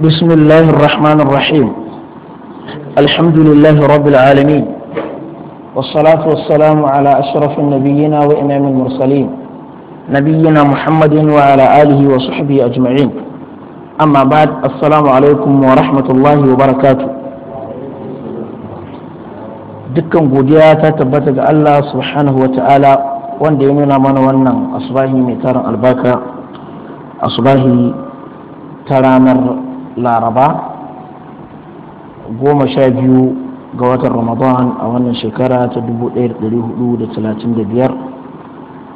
بسم الله الرحمن الرحيم الحمد لله رب العالمين والصلاة والسلام على أشرف النبيين وإمام المرسلين نبينا محمد وعلى آله وصحبه أجمعين أما بعد السلام عليكم ورحمة الله وبركاته دكم godiya ta الله سبحانه وتعالى وان ديننا من wanda ya nuna mana wannan ترامر laraba goma sha biyu ga watan ramadan a wannan shekara ta 1435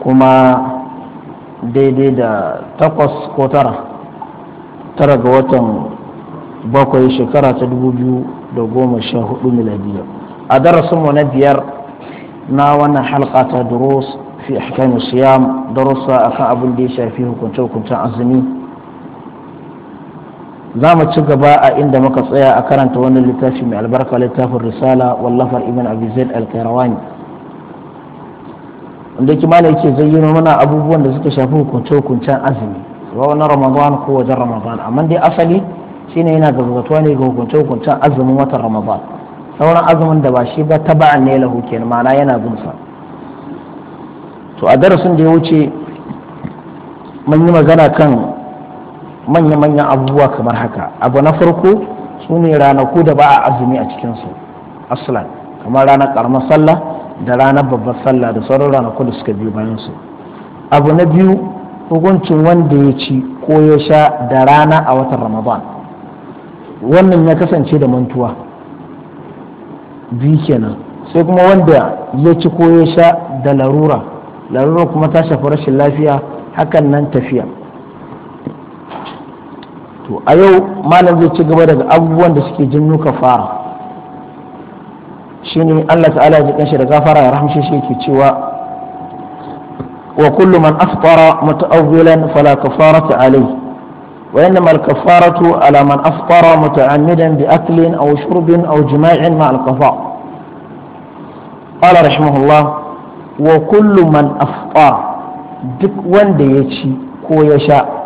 kuma daidai da takwas ko tara tara ga watan bakwai shekara ta 2014 miladiya a darasinmu na biyar na wannan halka ta durus fi ahkamu siyam darussa akan abin da ya shafi hukunce-hukuncen azumi za mu ci gaba a inda muka tsaya a karanta wani littafi mai albarka littafin risala wallafar ibn abi zaid al-qayrawani wanda yake malai yake zayyano mana abubuwan da suka shafi hukunce hukuncen azumi ba na ramadan ko wajen ramadan amma dai asali shine yana gazgatuwa ne ga hukunce hukuncen azumin watan ramadan sauran azumin da ba shi ba ta ba'an ne lahu kenan ma'ana yana gunsa to a darasin da ya wuce mun yi magana kan manya-manyan abubuwa kamar haka abu na farko su ne ranaku da ba a azumi a cikinsu aslan kamar ranar karamar sallah da ranar babbar sallah da sauran ranaku da suka biyu bayan su abu na biyu hukuncin wanda ya ci ko ya sha da rana a watan ramadan wannan ya kasance da mantuwa biyu kenan sai kuma wanda ya ci ko ya sha da larura larura kuma ta shafi rashin lafiya hakan nan tafiya to a yau malam zai ci gaba daga abubuwan da suke janyo kafara shine Allah ta'ala ya kanshi da gafara ya rahamshe shi yake cewa wa kullu man aftara muta'awwilan fala kafarata alayhi wa innama al-kafaratu ala man aftara muta'ammidan bi aklin aw shurbin aw jima'in ma al-qafa qala rahimahullah wa kullu man duk wanda ya ci ko ya sha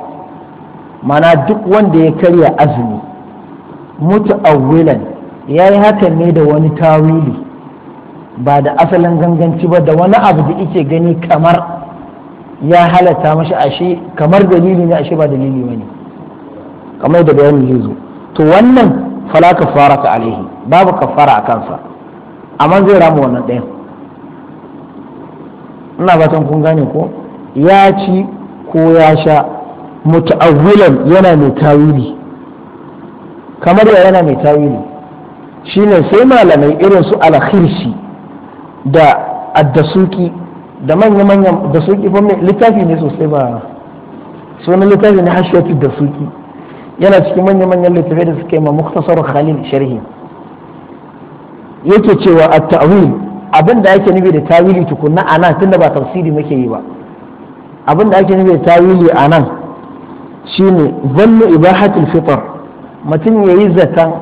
mana duk wanda ya karya azumi muta'awwilan ya yi hakan ne da wani tawili ba da asalin ganganci ba da wani abu da yake gani kamar ya halatta mashi ashe kamar dalili ne ashe ba dalili ba ne kamar da bayani zai zo to wannan fala kafara ta alaihi babu kafara a kansa amma zai rama wannan ɗayan ina batan kun gane ko ya ci ko ya sha muta'awwilan yana mai tawili kamar ya yana mai tawili shine sai malamai irin su alakhirshi da addasuki da manya-manyan da suki fa littafi ne sosai ba sunan littafi ne hashiyatu da suki yana cikin manya-manyan littafi da suka yi ma muktasar khalil sharhi yake cewa a ta'wil abin da ake nufi da tawili tukunna a nan tunda ba tafsiri muke yi ba abin da ake nufi da tawili a nan shine zannu ibahatul fitar mutum ya yi zaton,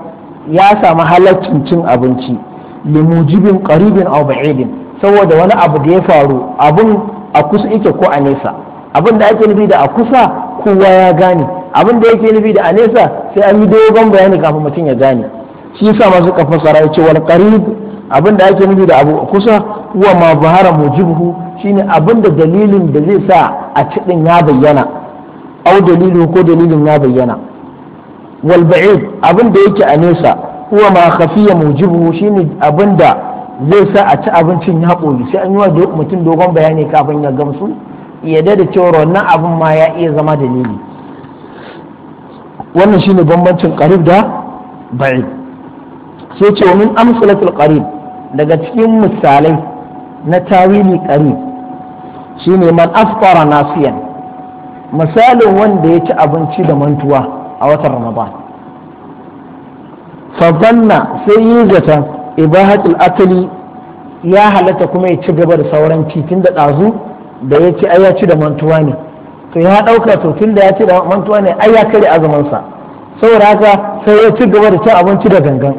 ya samu halaccin cin abinci mujibin qaribin aw ba'idin saboda wani abu da ya faru abun a kusa yake ko a nesa abin da ake nufi da a kusa kowa ya gane abin da yake nufi da a nesa sai an yi dogon bayani kafin mutum ya gane shi yasa masu kafa sarai ce wal qarib abin da ake nufi da abu a kusa wa ma bahara mujibuhu shine abin da dalilin da zai sa a cikin ya bayyana au dalilu ko dalilin ya bayyana wal ba'id abin da yake a nesa huwa ma khafiya mujibu shine abin da zai sa a ci abincin ya koyi sai an yi wa mutum dogon bayani kafin ya gamsu yadda da cewa wannan abin ma ya iya zama dalili wannan shine bambancin qarib da ba'id sai ce min amsalatul qarib daga cikin misalai na tawili qarib shine man afqara nasiyan misalin wanda ya ci abinci da mantuwa a watan ramadan fadanna sai yi zaton ibahatul akali ya halatta kuma ya ci gaba da sauran cikin da ɗazu da ya ci ya ci da mantuwa ne to ya ɗauka to tun da ya ci da mantuwa ne ai ya kare azumansa saboda haka sai ya ci gaba da cin abinci da gangan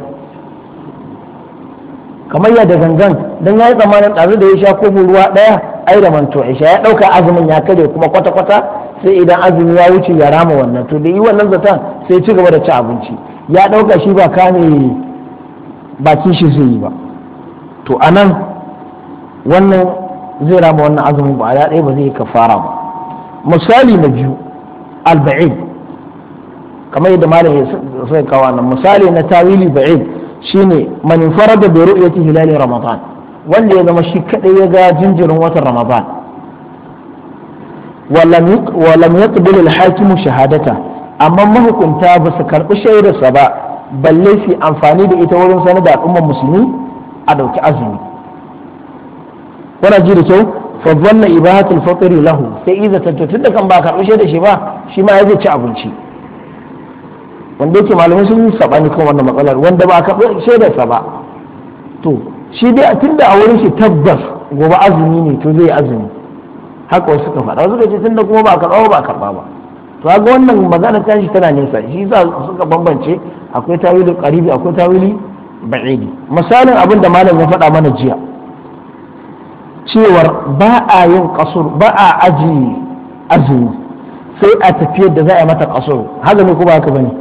kamar yadda gangan don ya yi tsammanin ɗazu da ya sha kofin ruwa ɗaya ai da mantuwa ya ya ɗauka azumin ya kare kuma kwata-kwata sai idan azumi ya wuce ya rama wannan to da yi wannan zaton sai ci gaba da ci abinci ya ɗauka shi ba kame bakin shi zai yi ba to a nan wannan zai rama wannan azumin ba a ɗaya ba zai yi kafara ba misali na biyu alba'in kamar yadda malam ya sai kawo nan misali na tawili ba'id shine da farada bi ru'yati hilali ramadan wanda ya zama shi kaɗai ya ga jinjirin watan ramadan walam ya ƙubil alhakimu shahadata amma mahukunta ba su karɓi shaidarsa ba balle su amfani da ita wurin sanar da al'ummar musulmi a ɗauki azumi Kuna ji da kyau fa zanna ibahatul fatri lahu sai iza tantutun da kan ba karɓi shaidar shi ba shi ma ya zai ci abinci wanda yake malamai sun yi saɓani kan wannan matsalar wanda ba karɓi shaidarsa ba to shi dai tunda a wurin shi tabbas gobe azumi ne to zai azumi haka wasu suka faɗa wasu ce tunda kuma ba karɓa ba karɓa ba to ga wannan magana ta shi tana nesa shi za suka bambance akwai tawili qaribi akwai tawili ba'idi misalin abin da malam ya faɗa mana jiya cewar ba a yin kasur ba a aji azumi sai a tafiyar da za a yi mata kasur haka ne kuma haka bane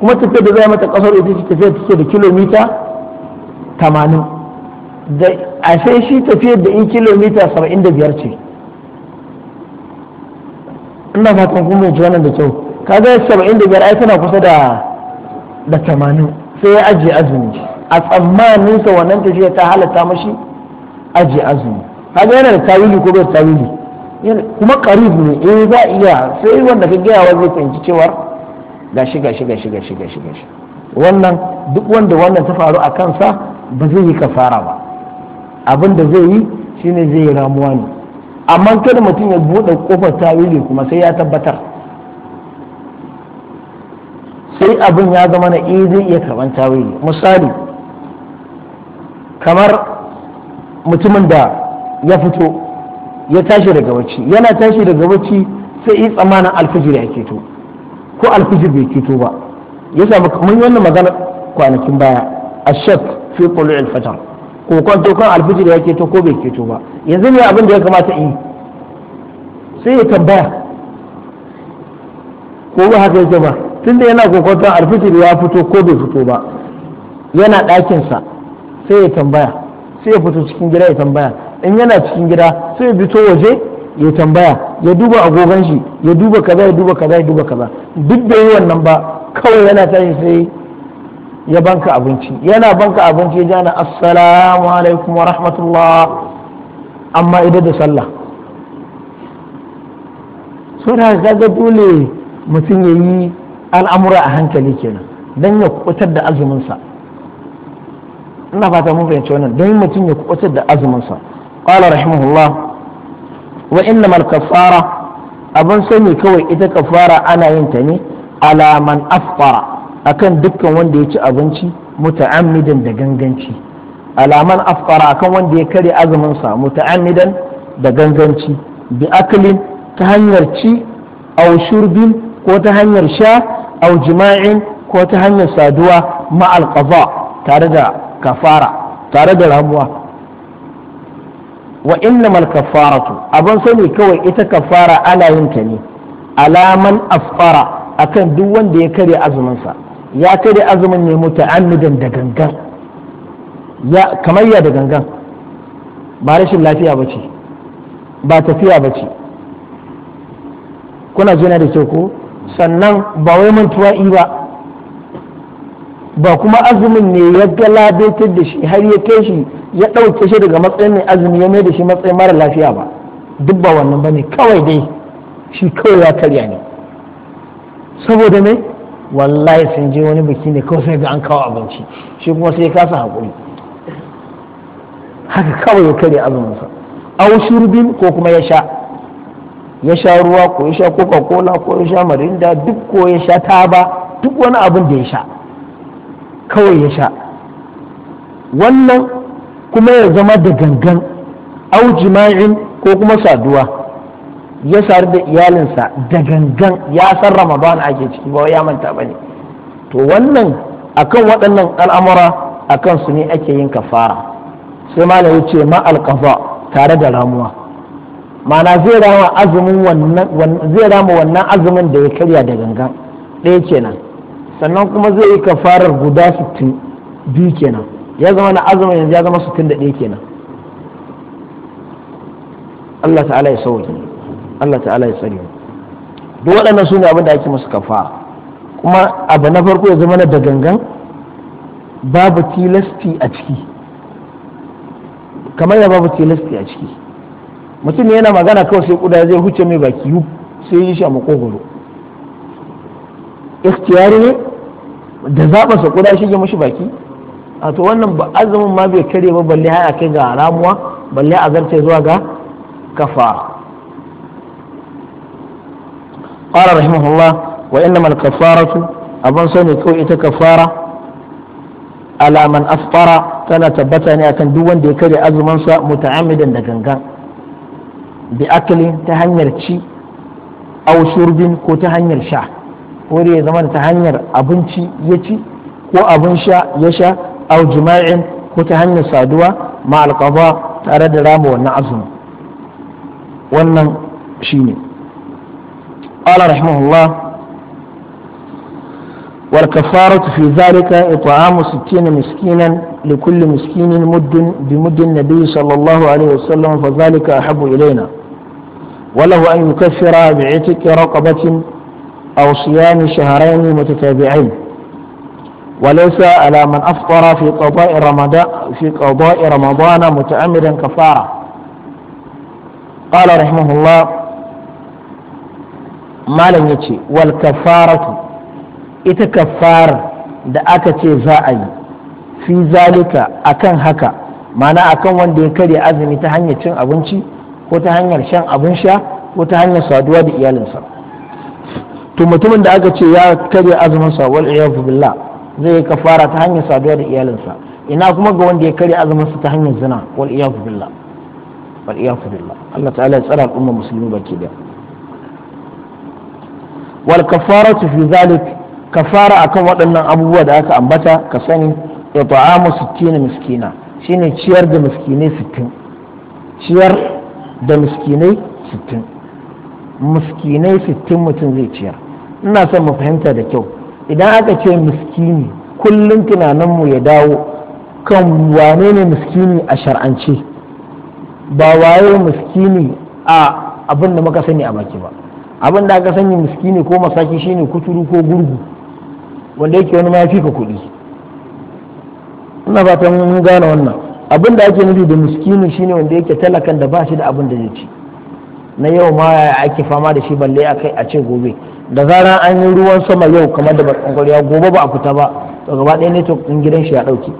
kuma tafiyar da za a yi mata kasur ita ce tafiyar take da kilomita 80 da a sai shi tafiyar da in kilomita 75 ce ina fatan kun bai wannan da kyau kaga 75 ai tana kusa da da 80 sai ya ajiye azumi a tsammanin sa wannan tafiya ta halatta mashi ajiye azumi kaga yana da tawili ko bai tawili kuma karib ne E, za iya sai wanda ka gaya wani zai fahimci cewar gashi gashi gashi gashi gashi gashi wannan duk wanda wannan ta faru a kansa ba zai yi kafara ba abin da zai yi shine zai yi ramuwa ne amma kada mutum ya buɗe kofar tawili kuma sai ya tabbatar sai abin ya zama na eh zai iya karɓar tawili misali kamar mutumin da ya fito ya tashi daga wacce yana tashi daga wacce sai yi tsamanin alfijir ya keto ko alfijir bai keto ba ya samu yi wannan magana kwanakin baya a shek fi tulu'il fajr kokonto kan alfijir ya keto ko bai keto ba yanzu ne abin da ya kamata in sai ya tambaya ko ba haka yake ba tunda yana kokonto da ya fito ko bai fito ba yana sa sai ya tambaya sai ya fito cikin gida ya tambaya in yana cikin gida sai ya fito waje ya tambaya ya duba agogon shi ya duba kaza ya duba kaza ya duba kaza duk da yi wannan ba kawai yana tashi sai ya banka abinci yana banka abinci ya jana assalamu alaikum wa rahmatullah amma idan da sallah suna kaga dole mutum ya yi al'amura a hankali kenan don ya kubutar da azuminsa ina fata mun fahimci wannan don mutum ya kubutar da azuminsa qala rahimahullah wa innamal kaffara abin sani kawai ita kafara ana yin ta ne ala man akan dukkan wanda ya ci abinci muta'ammidan da ganganci alaman afkara akan wanda ya kare azuminsa sa muta'ammidan da ganganci bi aklin ta hanyar ci aw shurbin ko ta hanyar sha aw jima'in ko ta hanyar saduwa ma alqaza tare da kafara tare da ramuwa wa innamal kafaratu abin sani kawai ita kafara ana yin ta ne alaman afkara akan duk wanda ya kare azuminsa sa ya kai da azumin ne muta'ammidan da gangan ya kamar ya da gangan ba rashin lafiya ba ce ba tafiya ba ce kuna jina da kyau ko sannan ba wai mantuwa i ba ba kuma azumin ne ya galabaitar da shi har ya kai shi ya ɗauke shi daga matsayin mai azumi ya mai da shi matsayin mara lafiya ba duk ba wannan ba ne kawai dai shi kawai ya karya ne saboda mai wallahi sun je wani biki ne kawai sai ga an kawo abinci shi kuma sai ya kasa hakuri, haka kawai ya kare azuminsa au shurbin ko kuma ya sha ya sha ruwa ko ya sha coca cola ko ya sha marinda duk ko ya sha taba duk wani abin da ya sha kawai ya sha wannan kuma ya zama da gangan au jima'in ko kuma saduwa ya sari da iyalinsa da gangan ya san ramadan ake ciki ba ya manta ba ne to wannan akan waɗannan al'amura akan su ne ake yin kafara sai malam ya ce ma alƙafa tare da ramuwa mana zai rama wannan azumin da ya karya da gangan ɗaya kenan sannan kuma zai yi kafarar guda sittin biyu kenan ya zama na azumin yanzu ya zama 61 kenan Allah ta'ala ya sauke Allah ta'ala ya tsare duk waɗannan su ne abin da ake musu kafa kuma abu na farko ya zama na da gangan babu tilasti a ciki kamar ya babu tilasti a ciki mutum yana magana kawai sai kuda zai huce mai baki yu sai yi shi a makogoro ikhtiyari ne da zaɓarsa kuda shi shige mashi baki a to wannan ba azumin ma bai kare ba balle har a kai ga ramuwa balle a zarce zuwa ga kafa qala rahimahullah wa innamal kafaratu abin sani ko ita kafara ala man afṭara tana tabbata ne akan duk wanda ya karya azumin sa muta'ammidan da gangan bi ta hanyar ci aw shurbin ko ta hanyar sha ko da ya zama ta hanyar abinci ya ci ko abin sha ya sha aw jima'in ko ta hanyar saduwa ma alqada tare da rama na azumi wannan shine قال رحمه الله والكفارة في ذلك إطعام ستين مسكينا لكل مسكين مد بمد النبي صلى الله عليه وسلم فذلك أحب إلينا وله أن يكفر بعتق رقبة أو صيام شهرين متتابعين وليس على من أفطر في قضاء رمضان في قضاء رمضان متعمدا كفارة قال رحمه الله malam ya ce wal kafaratu ita kafar da aka ce za a yi fi zalika akan haka mana akan wanda ya karya azumi ta hanyar cin abinci ko ta hanyar shan abin sha ko ta hanyar saduwa da iyalinsa to mutumin da aka ce ya karya azumin sa wal iyadu billah zai yi kafara ta hanyar saduwa da iyalinsa ina kuma ga wanda ya karya azumin sa ta hanyar zina wal iyadu billah wal iyadu billah Allah ta'ala ya tsara al'ummar musulmi baki daya wal kafaratu fi zalik kafara akan waɗannan abubuwa da aka ambata ka sani da ta'amu 60 miskina shine ciyar da miskinai 60 ciyar da miskinai 60 miskinai 60 mutum zai ciyar ina son mu fahimta da kyau idan aka ce miskini kullum mu ya dawo kan wane ne miskini a shar'ance ba waye miskini a abin da muka sani a baki ba abin da aka sanya miskini ko masaki shine kuturu ko gurgu wanda yake wani ma ya fika kuɗi ina fatan mun gane wannan abin da ake nufi da miskini shine wanda yake talakan da ba shi da abin da zai ci na yau ma ake fama da shi balle akai a ce gobe da zarar an yi ruwan sama yau kamar da barkan kwariya gobe ba a fita ba to gaba ɗaya ne to ɗin gidan shi ya ɗauke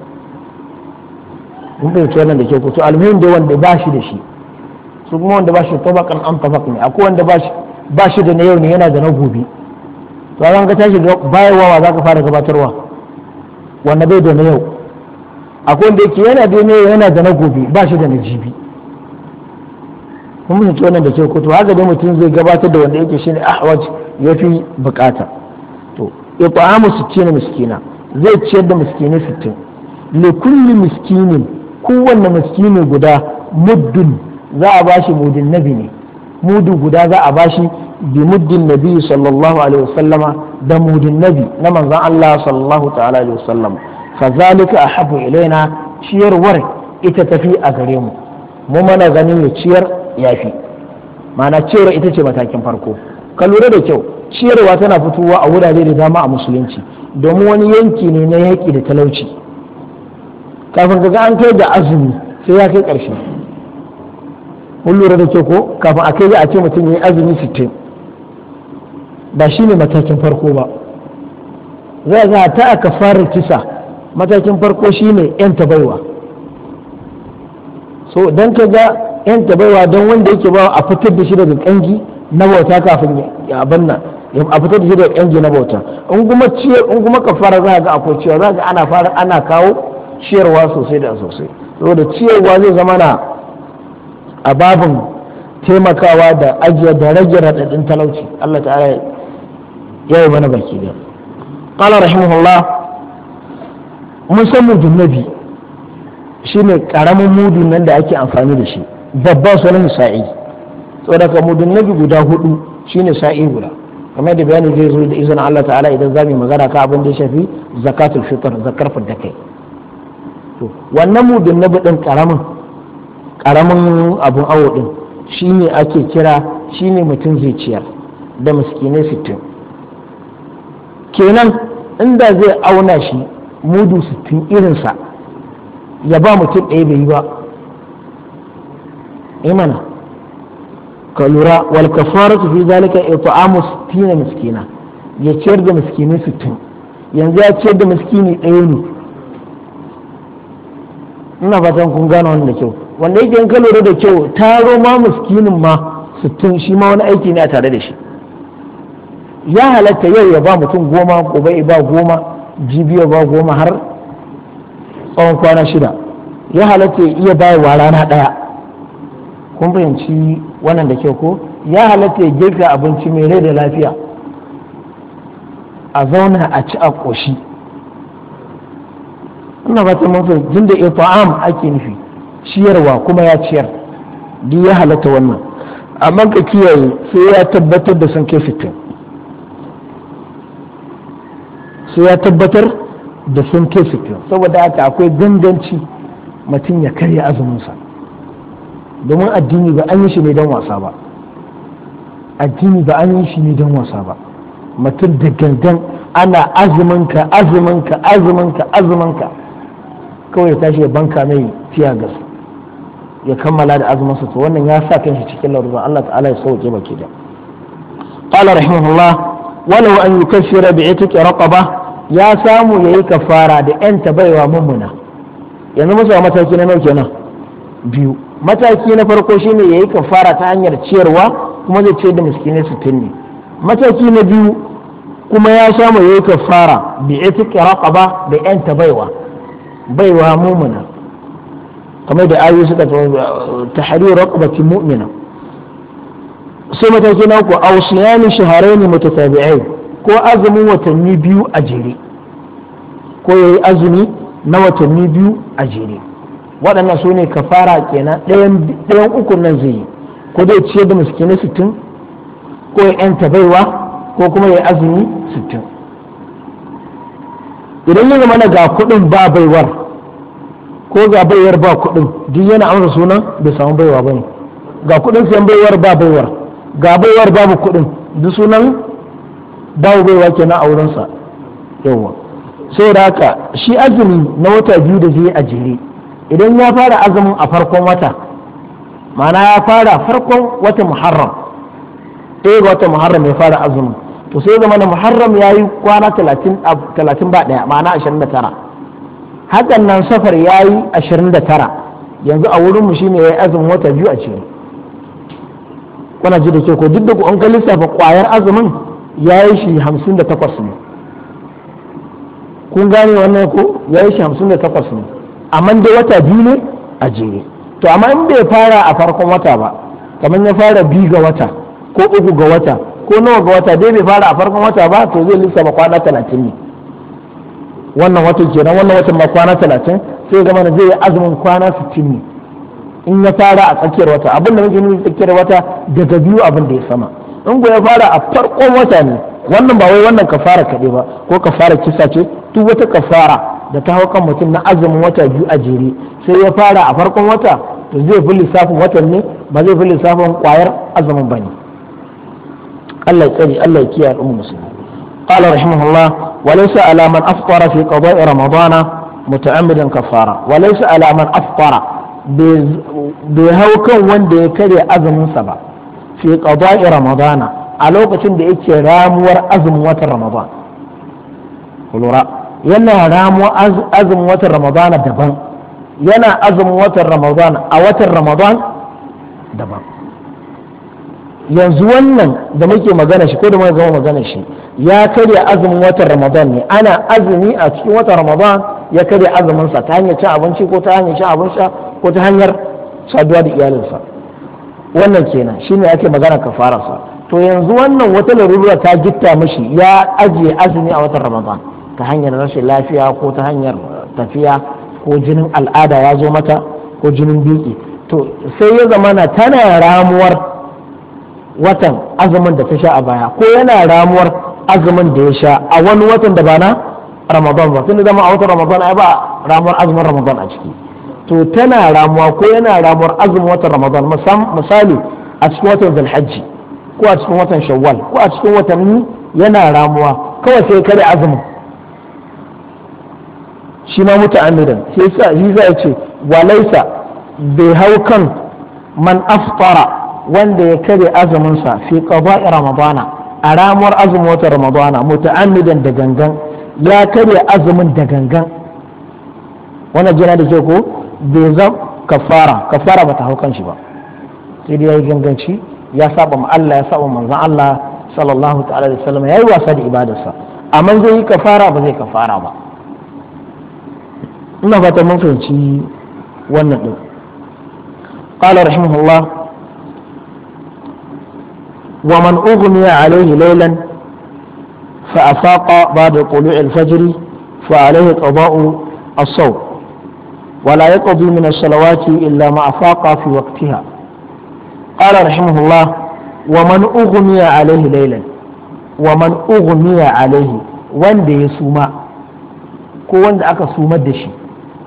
mun fahimci wannan da ke kuto almuhim da wanda ba shi da shi su kuma wanda ba shi bakan an tabak ne akwai wanda ba shi ba shi da na yau ne yana da na gobe to an ga tashi bayarwa wa za ka fara gabatarwa wanda bai da na yau akwai wanda yake yana da na yau yana da na gobe ba shi da na jibi kuma mutum wannan da ke ko to haka dai mutum zai gabatar da wanda yake shine ahwaj fi bukata to it'amu 60 miskina zai ciyar da miskini 60 le kulli miskinin kowanne miskini guda muddin za a ba shi mudin nabi ne mudu guda za a bashi bi muddin nabi sallallahu alaihi da mudin nabi na manzon Allah sallallahu ta'ala alaihi wasallam fa ilaina ciyarwar ita tafi a gare mu mu mana ganin ya ciyar yafi ma'ana ciyarwa ita ce matakin farko ka lura da kyau ciyarwa tana fitowa a wurare da dama a musulunci domin wani yanki ne na yaƙi da talauci kafin ka ga an kai da azumi sai ya kai ƙarshe mun lura da ke ko kafin a kai a ce mutum ya yi azumi sittin ba shi ne matakin farko ba zai za ta a fara kisa matakin farko shi ne yan tabaiwa so don ka ga yan tabaiwa don wanda yake bawa a fitar da shi daga kangi na bauta kafin ya banna a fitar da shi daga kangi na bauta in kuma ciyar in kuma kafara za ga akwai ciyar za ga ana fara ana kawo ciyarwa sosai da sosai saboda ciyarwa zai zama na a babin taimakawa da ajiya da rage raɗaɗin talauci Allah ta'ala ya yi mana baki da qala rahimahullah musamman junnabi karamin mudun nan da ake amfani da shi babban sunan sa'i tsoraka mudun nabi guda hudu shine sa'i guda kamar da bayani zai zo da izinin Allah ta'ala idan za mu magana ka abin da ya shafi zakatul fitr zakar fidda kai to wannan mudun nabi din karamin ƙaramin abun awo ɗin shi ne ake kira shi ne mutum zai ciyar da miskinai sittin kenan inda zai auna shi mudu sittin irinsa ya ba mutum ɗaya bai yi ba imana eh ka lura wal kafaratu fi zalika it'amu 60 miskina ya ciyar da miskini sittin. yanzu ya ciyar da miskini ɗaya ne ina fatan kun gane wannan da kyau wanda yake in ka lura da kyau taro ma muskinin ma sittin shi ma wani aiki ne a tare da shi ya halatta yau ya ba mutum goma gobe ya ba goma jibi ya ba goma har tsawon kwana shida ya halatta ya iya wa rana ɗaya kun fahimci wannan da kyau ko ya halatta ya girka abinci mai rai da lafiya a zauna a ci a ƙoshi ina ba ta mafi jinda da ifa'am ake nufi ciyarwa kuma ya ciyar duk ya halatta wannan amma ka kiyaye sai ya tabbatar da san kai sittin sai ya tabbatar da san kai sittin saboda haka akwai ganganci mutum ya karya azuminsa domin addini ba an yi shi ne don wasa ba addini ba an yi shi ne don wasa ba mutum da gangan ana azuminka azuminka azuminka azuminka kawai tashi ya banka mai tiya gasu ya kammala da azumin sa to wannan ya sa kanshi cikin laurin Allah ta'ala ya sauke baki da qala rahimahullah walau an yukaffira bi itiqi raqaba ya samu yayi kafara da yan tabaiwa mummuna yanzu musu mataki na nau kenan biyu mataki na farko shine yayi kafara ta hanyar ciyarwa kuma zai ce da miskine su mataki na biyu kuma ya samu yayi kafara bi itiqi raqaba da yan tabaiwa baiwa mummuna kamar da ayoyi suka tahrir raqabati mu'mina sai mataki na uku aw siyami shahrayn mutatabi'ain ko azumin watanni biyu a jere ko yayi azumi na watanni biyu a jere waɗannan su ne kafara kenan ɗayan uku nan zai yi ko dai ciyar da miskini sittin ko ya yanta baiwa ko kuma ya azumi sittin idan ya mana ga kuɗin ba baiwar ko ga baiwar ba kuɗin duk yana amsa sunan bai samu baiwa ba ne ga kuɗin sayan baiwar ba baiwar ga baiwar babu kuɗin duk sunan babu baiwa kenan a wurinsa yawa sai da haka shi azumi na wata biyu da zai a jere idan ya fara azumin a farkon wata ma'ana ya fara farkon wata muharram ɗaya ga wata muharram ya fara azumin to sai zama na muharram ya yi kwana talatin ba ɗaya ma'ana 29 da tara hakan nan safar ya yi ashirin da tara yanzu a wurinmu shi ne ya yi azumin wata biyu a cikin kuna ji da ke ko duk da ku an ka lissafa kwayar azumin ya yi shi hamsin da takwas ne kun gane wannan ko ya yi shi hamsin da takwas ne amma dai wata biyu ne a jere to amma in bai fara a farkon wata ba kamar ya fara biyu ga wata ko uku ga wata ko nawa ga wata dai bai fara a farkon wata ba to zai lissafa kwana talatin ne wannan watan kenan wannan watan ma kwana talatin sai zama na zai yi azumin kwana sittin ne in ya fara a tsakiyar wata abin da muke nuni tsakiyar wata daga biyu abin da ya sama in ya fara a farkon wata ne wannan ba wai wannan ka fara kaɗai ba ko ka fara kisa ce duk wata ka fara da ta hau kan mutum na azumin wata biyu a jere sai ya fara a farkon wata to zai fi lissafin watan ne ba zai fi lissafin kwayar azumin ba ne Allah ya tsari Allah ya kiyaye al'ummar musulmi قال رحمه الله وليس على من أفطر في قضاء رمضان متعمدا كفارة وليس على من أفطر بهوكا وندي كري أذن سبا في قضاء رمضان على وقت da ramuwar azumin watan Ramadan kulura yana ramuwar azumin watan Ramadan daban yana azumin watan Ramadan a watan Ramadan daban yanzu wannan da muke magana shi ko da muka gama magana shi ya karya azumin watan ramadan ne ana azumi a cikin watan ramadan ya karya azuminsa ta hanyar cin abinci ko ta hanyar cin abin sha ko ta hanyar saduwa da iyalinsa wannan kenan shine ake magana ka fara sa to yanzu wannan wata larura ta gitta mashi ya ajiye azumi a watan ramadan ta hanyar rashin lafiya ko ta hanyar tafiya ko jinin al'ada ya zo mata ko jinin biki to sai ya zamana tana ramuwar watan azumin da ta sha a baya ko yana ramuwar azumin da ya sha a wani watan da ba na ramadan ba tun da zama a watan ramadan ai ba ramuwar azumin ramadan a ciki to tana ramuwa ko yana ramuwar azumin watan ramadan misali a cikin watan zulhajji ko a cikin watan shawwal ko a cikin watanni yana ramuwa kawai sai kare azumin shi ma mutu amirin sai za a ce walaisa bai hau kan man aftara wanda ya kare azuminsa fi qada'i ramadana a ramuwar azumin watan ramadana muta'ammidan da gangan ya karya azumin da gangan wannan jina da ke ko bai zam kafara kafara bata hau kan shi ba sai dai yayi ganganci ya saba ma Allah ya saba manzon Allah sallallahu ta'ala da sallama wasa da ibadarsa amma zai yi kafara ba zai kafara ba ina fata mun fahimci wannan din qala rahimahullah ومن أغمي عليه ليلا فأفاق بعد طلوع الفجر فعليه قضاء الصوم ولا يقضي من الصلوات إلا ما أفاق في وقتها قال رحمه الله ومن أغمي عليه ليلا ومن أغمي عليه wanda ya suma ko wanda aka sumar da shi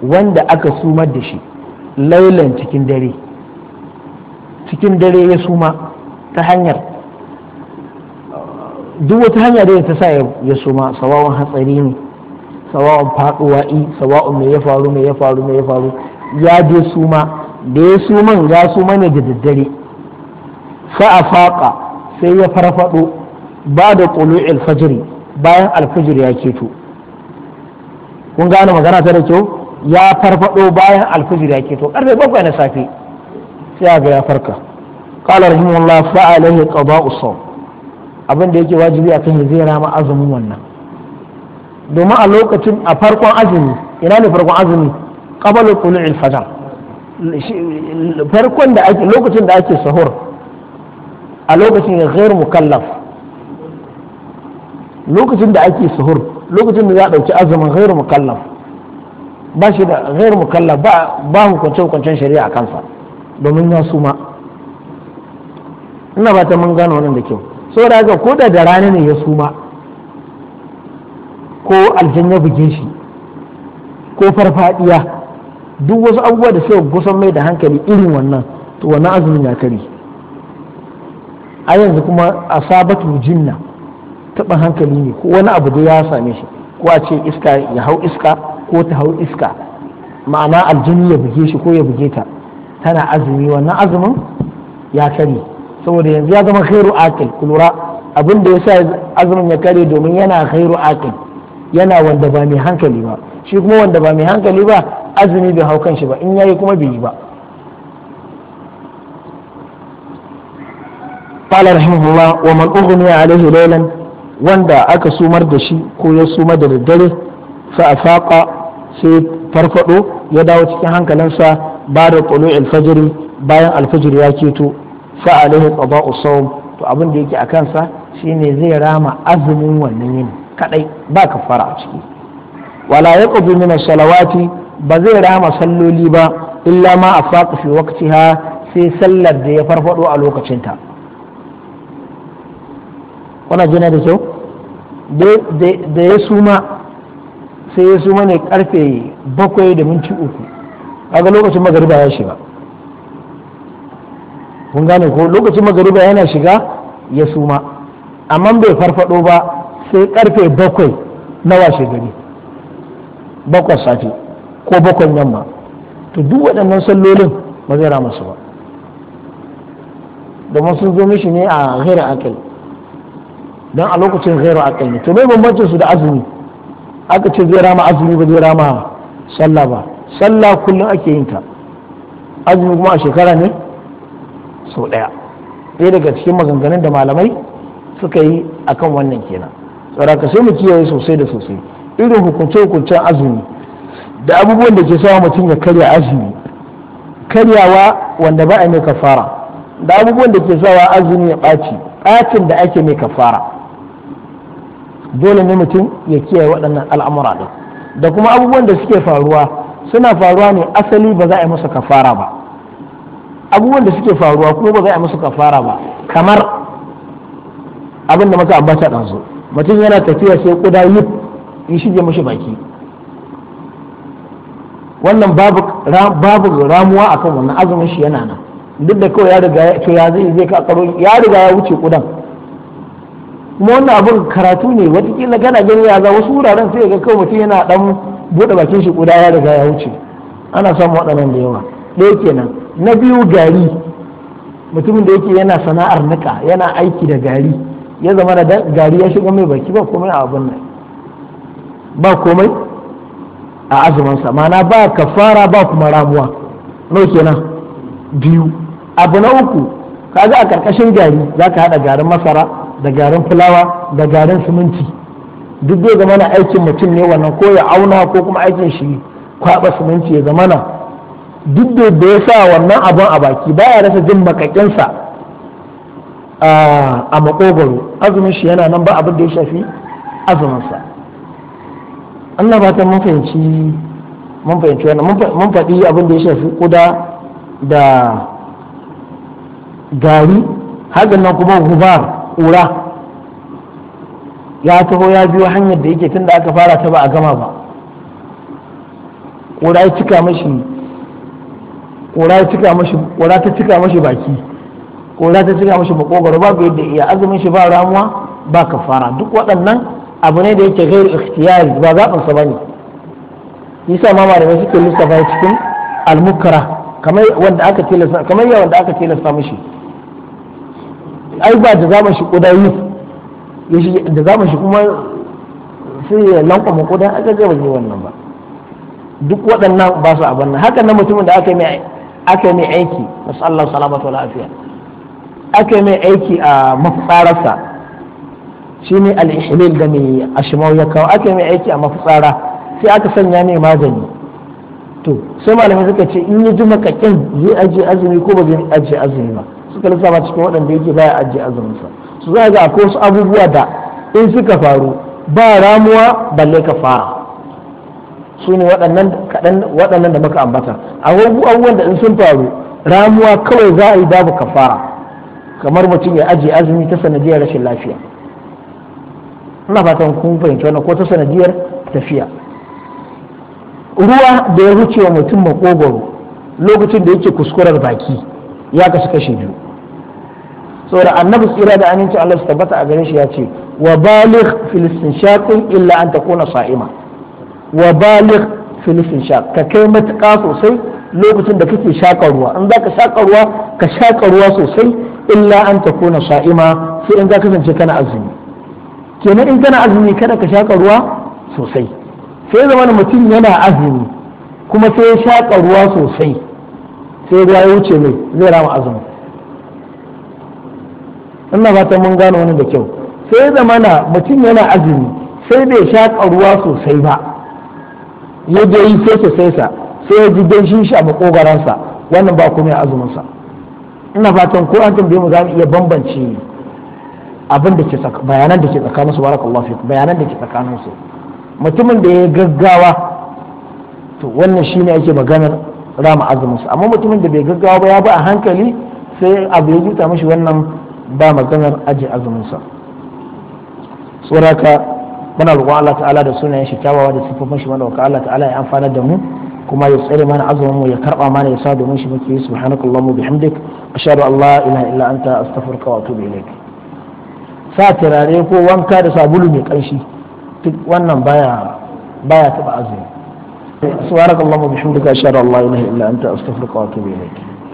wanda aka sumar da shi lailan cikin dare cikin dare ya suma ta hanyar duk wata hanya da ta sa ya suma sawawan hatsari ne sawawan faduwa i sawawan mai ya faru mai ya faru mai ya faru ya je suma da ya suman ya suma ne da daddare a faƙa sai ya farfaɗo ba da ƙulu'il fajiri bayan alfajir ya keto kun gane magana ta da kyau ya farfado bayan alfajir ya keto karfe bakwai na safe sai ga ya farka قال رحمه الله فعليه قضاء الصوم abin da yake wajibi a kan ya zai rama azumin wannan domin a lokacin a farkon azumi ina ne farkon azumi qabalu tulu'il fajr farkon da ake lokacin da ake sahur a lokacin ya ghairu mukallaf lokacin da ake sahur lokacin da za a dauki azumin ghairu mukallaf ba shi da ghairu mukallaf ba ba hukunce hukuncen shari'a kansa domin ya suma ina ba ta mun gano wannan da kyau so da ga ko da da rana ne ya suma ko aljan ya buge shi ko farfadiya duk wasu abubuwa da suka gusan mai da hankali irin wannan to wannan azumin ya kare a yanzu kuma a sabatu jinna taɓin hankali ne ko wani abu da ya same shi ko a ce iska ya hau iska ko ta hau iska ma'ana aljini ya buge shi ko ya buge ta tana azumi wannan azumin ya kare saboda yanzu ya zama khairu akil kulura abin da yasa azumin ya kare domin yana khairu akil yana wanda ba mai hankali ba shi kuma wanda ba mai hankali ba azumi bai hau kanshi ba in yayi kuma bai yi ba قال رحمه wa ومن أغني عليه ليلا wanda aka sumar da shi ko ya sumar da daddare fa afaqa sai farfado ya dawo cikin hankalinsa ba da tulu alfajiri bayan alfajiri ya keto fa alaihi qada'u to abin yake a kansa shine zai rama azumin wannan yin kadai ba ka fara a ciki wala yaqdu mina salawati ba zai rama salloli ba illa ma a afaqa fi ha sai sallar da ya farfaɗo a lokacinta wana jina da kyau da ya suma sai ya suma ne karfe bakwai da minti uku kaga lokacin magariba ya shiga kun gane ko lokacin magariba yana shiga ya suma amma bai farfado ba sai karfe bakwai na washe gari bakwai safe ko bakwai yamma to duk waɗannan sallolin ba zai rama su ba domin sun zo mishi ne a ghairu akal don a lokacin ghairu akal ne to mai bambancin su da azumi aka ce zai rama azumi ba zai rama sallah ba sallah kullum ake yin ta azumi kuma a shekara ne sau ɗaya ɗaya daga cikin maganganun da malamai suka yi akan wannan kenan ka sai mu kiyaye sosai da sosai irin hukunce-hukuncen azumi da abubuwan da ke sa mutum ya karya azumi karyawa wanda ba a mai kafara da abubuwan da ke sawa azumi ya ɓaci ɓacin da ake mai kafara dole ne mutum ya kiyaye waɗannan al'amura da kuma abubuwan da suke faruwa suna faruwa ne asali ba za a yi masa kafara ba abubuwan da suke faruwa kuma ba za a musu kafara ba kamar abin da muka ambata ɗansu mutum yana tafiya sai kuda yi in shige mashi baki wannan babu ramuwa akan wannan azumin shi yana nan duk da kawai ya riga ya to ya zai zai ka ya riga ya wuce kudan kuma wannan abin karatu ne watakila kana gani ya za wasu wuraren sai ga kawai mutum yana dan bude bakin shi kuda ya riga ya wuce ana samun waɗannan da yawa ɗaya kenan na biyu gari mutumin da yake yana sana'ar nika yana aiki da gari ya zama da gari ya shiga mai baki ba komai a abin nan ba komai a azumansa mana ba kafara ba kuma ramuwa nau kenan biyu abu na uku kaga a karkashin gari za ka haɗa garin masara da garin fulawa da garin siminti duk zai zama na aikin mutum ne wannan ko ya auna ko kuma aikin shi kwaɓa siminti ya zama na duk da ya sa wannan abin a baki baya rasa jin makakinsa a makogaro azumin shi yana nan ba abin da ya shafi azuminsa Allah ba ta mun fahimci mun fahimci wannan mun faɗi abin da ya shafi kuda da gari hakan nan kuma gubar ƙura ya taho ya biyo hanyar da yake tun da aka fara ta ba a gama ba ƙura ya cika mashi kora ta cika mashi baki kora ta cika mashi makogaro babu yadda iya azumin shi ba ramuwa ba kafara duk waɗannan abu ne da yake gairi ikhtiyari ba zaɓinsa ba ne yasa ma malamai suke lissafa cikin almukara kamar yawan wanda aka tilasta mashi ai ba da zama shi yi da zama shi kuma sai ya lankwama kuda aka gaba ba wannan ba duk waɗannan ba su abin nan hakan na mutumin da aka yi mai ake mai aiki lafiya ake mai aiki a mafitsararsa shi ne al'ishirin da mai ashimau ya kawo aka mai aiki a mafitsara sai aka sanya mai magani to sai malamai suka ce in yi jima kakin zai ajiye azumi ko ba zai ajiye azumi ba suka lissafa cikin waɗanda yake baya ajiye azuminsa su za ga akwai wasu abubuwa da in suka faru ba ramuwa balle ka fara su ne waɗannan da muka ambata a abubuwan da in sun faru ramuwa kawai za a yi babu kafara kamar mutum ya ajiye azumi ta sanadiyar rashin lafiya ina fatan kun fahimci wannan ko ta sanadiyar tafiya ruwa da ya wuce wa mutum makogoro lokacin da yake kuskurar baki ya kasu kashe biyu saboda annabi tsira da aminci Allah su tabbata a gare shi ya ce wa baligh filistin istinshaqi illa an kona sa'ima wa baligh nufin sha ka kai matuƙa sosai lokacin da kake shaƙa ruwa in za ka shaƙa ruwa ka shaƙa ruwa sosai illa an ta kona sha'ima sai in za ka kasance kana azumi kenan in kana azumi kada ka shaƙa ruwa sosai sai zama mutum yana azumi kuma sai ya shaƙa ruwa sosai sai ruwa ya wuce mai zai rama azumi ina ba ta mun gano wani da kyau sai zamana mutum yana azumi sai bai shaƙa ruwa sosai ba ya je yi sai sai sa sai ya ji danshin shi a makogaransa wannan ba komai azumin sa ina fatan ko an tambaye mu za mu iya bambance abin da ke bayanan da ke tsakanin su barakallahu fiku bayanan da ke tsakanin su mutumin da ya gaggawa to wannan shine ake maganar rama azumin sa amma mutumin da bai gaggawa ba ya bi a hankali sai abu ya juta mishi wannan ba maganar ajiye azumin sa tsoraka muna roƙon Allah ta'ala da sunayen shi kyawawa da sifofin shi wanda wa Allah ta'ala ya amfana da mu kuma ya tsare mana azumin mu ya karba mana ya sa domin shi muke yi subhanakallahumma bihamdik ashhadu an la ilaha illa anta astaghfiruka wa atubu ilaik sa turare ko wanka da sabulu mai kanshi duk wannan baya baya taba azumi subhanakallahumma bihamdika ashhadu an la ilaha illa anta astaghfiruka wa atubu ilaik